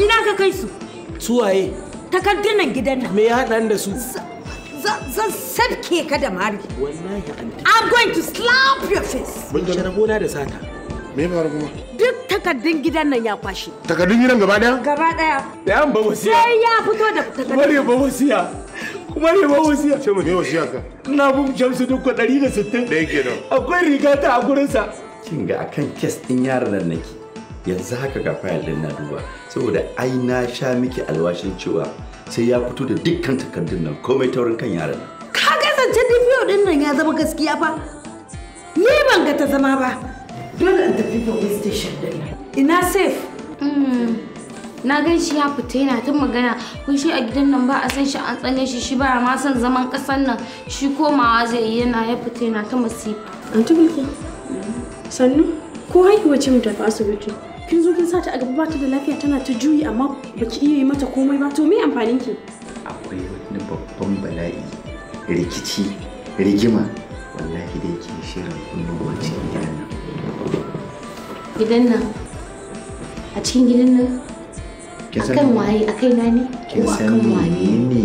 Ina ka kai su? Su waye? Takardunan gidan nan. Me ya haɗa da su? Zan sabke ka da mari. Wallahi I'm going to slap your face. Mun shara gona da sata. Me ba kuma? Duk takardun gidan nan ya kwashe. Takardun gidan gaba daya? Gaba daya. Da yan ba wasiya. Sai ya fito da takardun. Kuma ne ba wasiya. kuma ne ba wasiya. Ce mu ne wasiya ka. Ina bin jamsu duk ko 160. Da yake nan. Akwai riga ta a gurinsa. Kin ga akan kes din yaran nan nake. yanzu haka ga fayil din na duba saboda ai na sha miki alwashin cewa sai ya fito da dukkan takardun nan komai taurin kan yaran nan ka ga zancen DPO din nan ya zama gaskiya fa ni ban ga ta zama ba dole in tafi police station din nan ina safe hmm, na gan shi ya fita yana ta magana kun shi a gidan nan ba a san shi an tsane shi shi ba ma san zaman kasan nan shi komawa zai yi yana ya fita yana ta masifa an tubi sannu ko haihuwa ce mu tafi asibiti kin zo kin sa ta a gaba bata da lafiya tana ta juyi amma baki iya yi mata komai ba to me amfanin ki akwai wani babban bala'i rikici rigima wallahi da yake shirin kunnuwa cikin gidan nan gidan nan a cikin gidan nan akan waye akai na ne ko akan waye ne